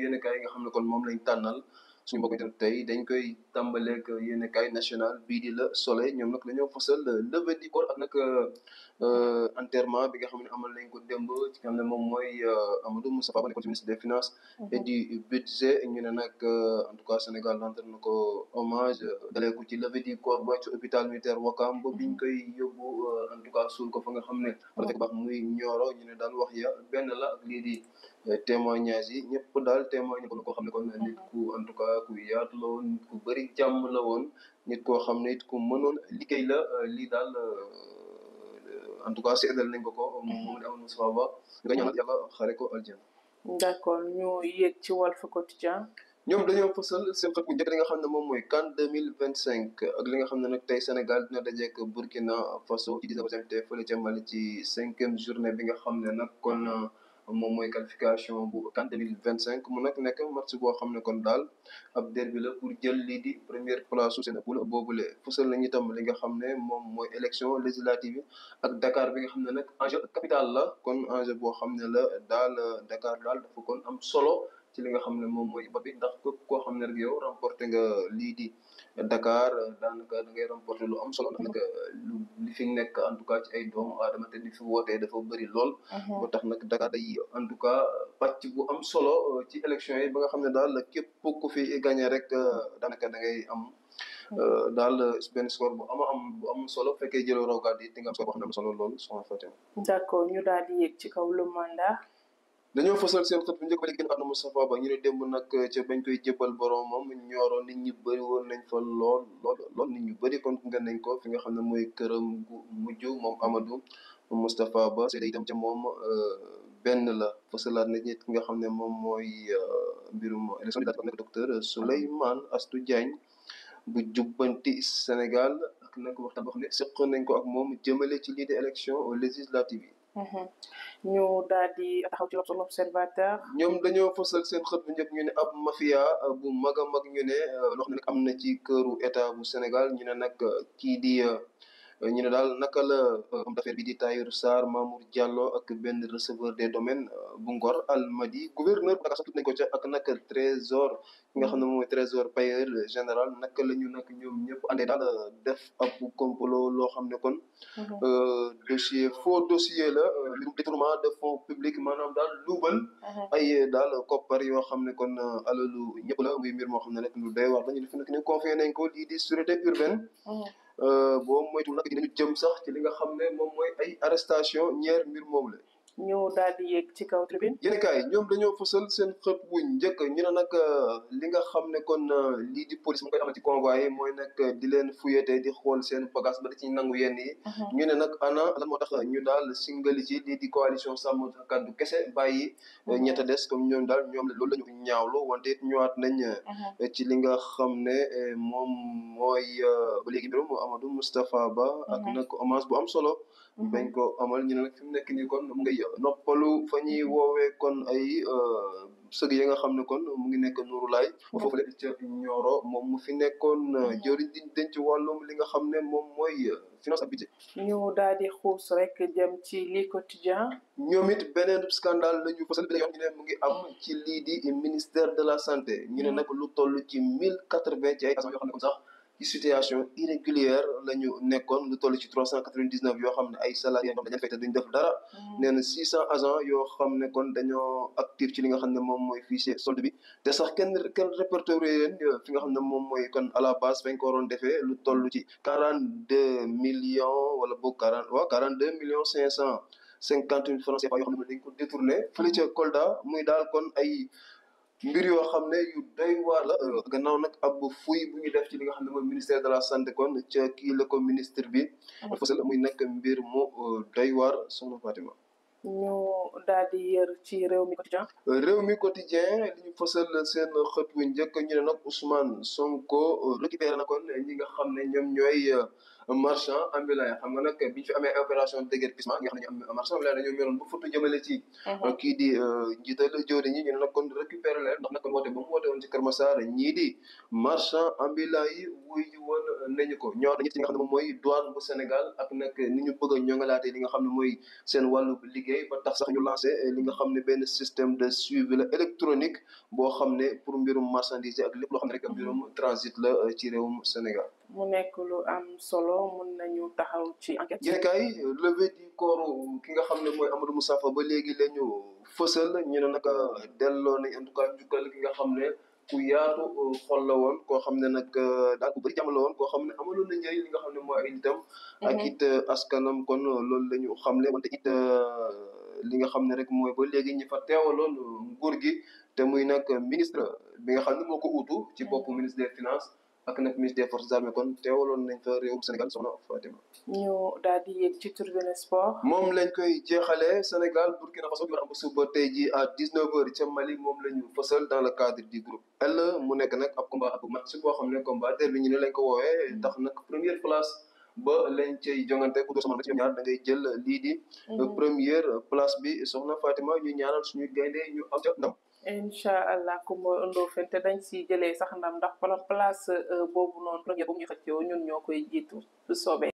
yéenekaay yi nga xam ne kon moom lañ tànnal suñu mbokk itam tey dañ koy tàmbaleeg yéen kaay national bii di la soleil ñoom nag dañoo fësal levée du corps ak nag euh, enterrement bi nga xam ne amal nañ ko demb ci nga ne moom mooy euh, Amadou Moustapha Ba nekkoon ci ministre des finances mhm. et ñu ne nag euh, tout cas Sénégal rendre na ko hommage dalee ko ci levée du corps ba ci hôpital militaire Wakam ba biñ mhm. koy yóbbu en tout cas suul ko fa nga xam ne wala mhm. fekk muy ñooro ñu ne daal wax ya benn la ak lii di témoignage yi daal témoigne ko xam ne kon nit ku en tout cas ku yaat la ku bëri jàmm la woon nit koo xam ne it ku mënoon liggéey la euh, lii daal euh, en tout cas seedal nañ ko ko moom moom di amoon Moustapha Ba nga ñaanal yàlla xare ko aljana d'accord ñu yéeg ci Walf Quotidien ñoom dañoo fësal seen xët bu njëkk li nga xam ne moom mooy CAN deux mille vingt cinq ak li nga ne nag tey Sénégal dina dajeek Burkina Faso ci dix-neuvième te fële ca ci cinquième journée bi nga xam ne nag kon euh, moom mooy qualification bu CAN 2025 mu nag nekk match boo xam ne kon daal ab derbi la pour jël lii di première place su Sénégal boobule fësal nañu itam li nga xam ne moom mooy élection législative ak Dakar bi nga xam ne nag enjeu capital la kon enjeu boo xam ne la daal Dakar daal dafa kon am solo ci li nga xam ne moom mooy ba bi ndax képp koo xam ne rek yo remporté nga lii di. Dakar daanaka da ngay remporter lu am solo daanaka li fi nekk en tout cas ci ay doomu aadama te li fi wootee dafa bëri lool. Mhm. ba tax nag Dakar day en tout cas pàcc bu am solo euh, ci élection yi ba nga xam ne daal képp ku fi gagné rek euh, daanaka da ngay am. Mhm. Euh, daal benn score bo am am bu am solo bu fekkee jëloo rogaat yi di nga am score boo xam ne am solo loolu soxna Fatima. d' accord ñu daal di yéeg ci kaw le mandat. dañoo fësal seen a bu njëkk ba léegi ànd Moustapha Ba moom eh, ñooro nit bëri woon nañ fa lool lool ñu bëri kon nga nañ ko fi nga xam ne mooy këram gu mujj moom Amadou Moustapha Ba seede itam ca moom eh, benn la fësalaat na nit nga xam ne moom mooy eh, mbirum élection bi daal nekk docteur Astou Diagne bu jubbanti Sénégal ak nag waxtaan boo xam ne seq nañ ko ak moom jëmale ci lii de élection législative yi hum ñu daal di taxaw ci l'observateur. ñoom dañoo fësal seen xët bu ñu ne ab mafia euh, bu mag a mag ñu ne euh, loo xam am na ci këru état bu Sénégal ñu ne nag euh, kii di. Euh, ñu ne daal naka la euh, homme d'affaires bi di Tahirou Sarr Mamour ak benn receveur des domaines euh, bu Ngor Almadi gouverneur bu Dakar tudd nañ ko ca ak naka trésor ki nga xam ne moom mooy trésor payeur général naka la ñu nag ñoom ñëpp àndee daal def ab complot loo xam ne kon mhm. dossier faux dossier la mbirum de fonds publics maanaam daal luubal mhm. ay daal koppar yoo xam ne kon alalu ñëpp la muy mbir moo xam ne rek lu doy waar dañu ne confié nañ ko lii di sûreté urbaine mhm. Euh, boo moytuwul na dinañu jëm sax ci li nga xam ne moom mooy ay arrestation ñeer mbir moom ñu daal di yéeg ci kaw tribune yéen kaay ñoom dañoo fësal seen xëpp bu njëkk ñu ne nag euh, li nga xam ne kon euh, lii di police mu koy amal ci convoi yi mooy nag euh, di leen fuyete di xool seen bagage ba di ci nangu yenn mhm. ñu ne nag ana lan moo tax ñu daal singali ci li di coalition sàmm kàddu kese bàyyi mhm. ñetta des comme ñoom daal ñoom loolu la ñu ñaawlu wante it ñëwaat nañ mhm. ci li nga xam ne moom mooy ba léegi mbirum Amadou Moustapha Ba ak nag hommage bu am solo bañ amal ñu ne nag nekk nii kon mu ngay noppalu fa ñuy woowee kon ay euh, sëg yi nga xam ne kon mu ngi nekk Nourou Laye foofu la ca Nioro moom mu fi nekkoon euh, mm-hmm. jëriñ di denc wàllum li nga xam ne moom mooy euh, finance ak budget ñu daal di xuus rek jëm ci lii quotidien ñoom it beneen scandale la ñu fësal mu ngi am ci lii di ministère de la santé ñu ne mm-hmm. nakk lu toll ci mille quatre vingt ci ay agents yoo xam ne kon sax ci situation irrégulière la ñu nekkoon lu toll ci trois cent quatre-vingt-dix-neuf yoo xam ne ay salariés yoo xam ne dañu fay te duñ mm. six cent agents yoo xam ne kon dañoo actif ci li nga xam ne moom mooy fichier solde bi te sax ken kenn répertorié euh, fi nga xam ne moom mooy kon à la base fañ ko waroon lu tollu ci quarante deux millions wala boog quarante waaw quarante deux millions cinq cent cinquante mille francs CFA yoo xam ne dañ ko détourné fële ca Kolda muy daal kon ay. mbir yoo xam ne yu doy waar la gannaaw nag ab fuy bu ñu def ci li nga xam ne mooy ministère de la santé kon ca kii la ko ministre bi dafa sal muy nekk mbir mu euh, doy waar soxna Fatima ñu daal di ci réew mi quotidien réew mi quotidien li ñu fësal seen xët wu njëkk a ñu ne nag Ousmane Sonko euh, récupéré na kon ñi nga xam ne ñoom ñooy euh, marchand ambulant yi xam nga nag bi ñu fi amee opération déguerpissement nga xam ne ñu marchand ambulant dañoo meroon bu futu jëmale ci mhm. kii di euh, njiital jëwri ñi ñu ne nag kon récupérer leen ndax nag kon woote ba mu woote woon ci Kër Massar ñii di marchand ambulant yi wuy woon nañu ko ñoo ñi nga xam ne mooy douane bu Sénégal ak nag ni ñu bëgg a ñoŋalaatee li nga xam ne mooy seen wàllu liggéey ba tax sax ñu lancé li nga xam ne benn système de suivi électronique boo xam ne pour mbirum marchandise ak lépp loo xam ne rek mbirum transit la euh, ci réewum Sénégal mu nekk lu am solo mun nañu taxaw ci enquête. yéen kay levée du ki nga xam ne mooy Amadou Moussa Fa ba léegi la ñu fësal ñu ne nag delloo nañ en tout cas njukkal ki nga xam ne ku yaatu xol la woon koo xam ne nag euh, daal ku bëri jàmm la woon koo xam ne amaloon na njëriñ li nga xam ne mooy ay nitam. Mhm. ak it euh, askanam kon loolu la ñu xamle wante it euh, li nga xam ne rek mooy ba léegi ñi fa teewaloon nguur gi te muy nag ministre bi nga xam ne moo ko uutu ci bopp mhm. ministre des finances. ak nag ministre des forces armées kon te nañ fa réewum Sénégal soxna Fatima. ñu daal di ci tribune sport. moom lañ koy jeexale Sénégal Burkina Faso ñu am suba tey jii à 19h Mali moom la ñu fësal dans le cadre du groupe L mu nekk nag ab combat ab match boo xam ne combat derby ñu ne lañ ko woowee mm. tax nag première place. ba lañ cay jongante ku doon sama ci ñaar da ngay jël lii di mhm. première place bi soxna Fatima ñu ñaanal suñu gaynde ñu am ca ndam incha allah Coumba Ndoffène te dañ si jëlee sax ndam ndax place euh, boobu noonu première bu ñu xëccoo ñun ñoo koy jiitu su soobee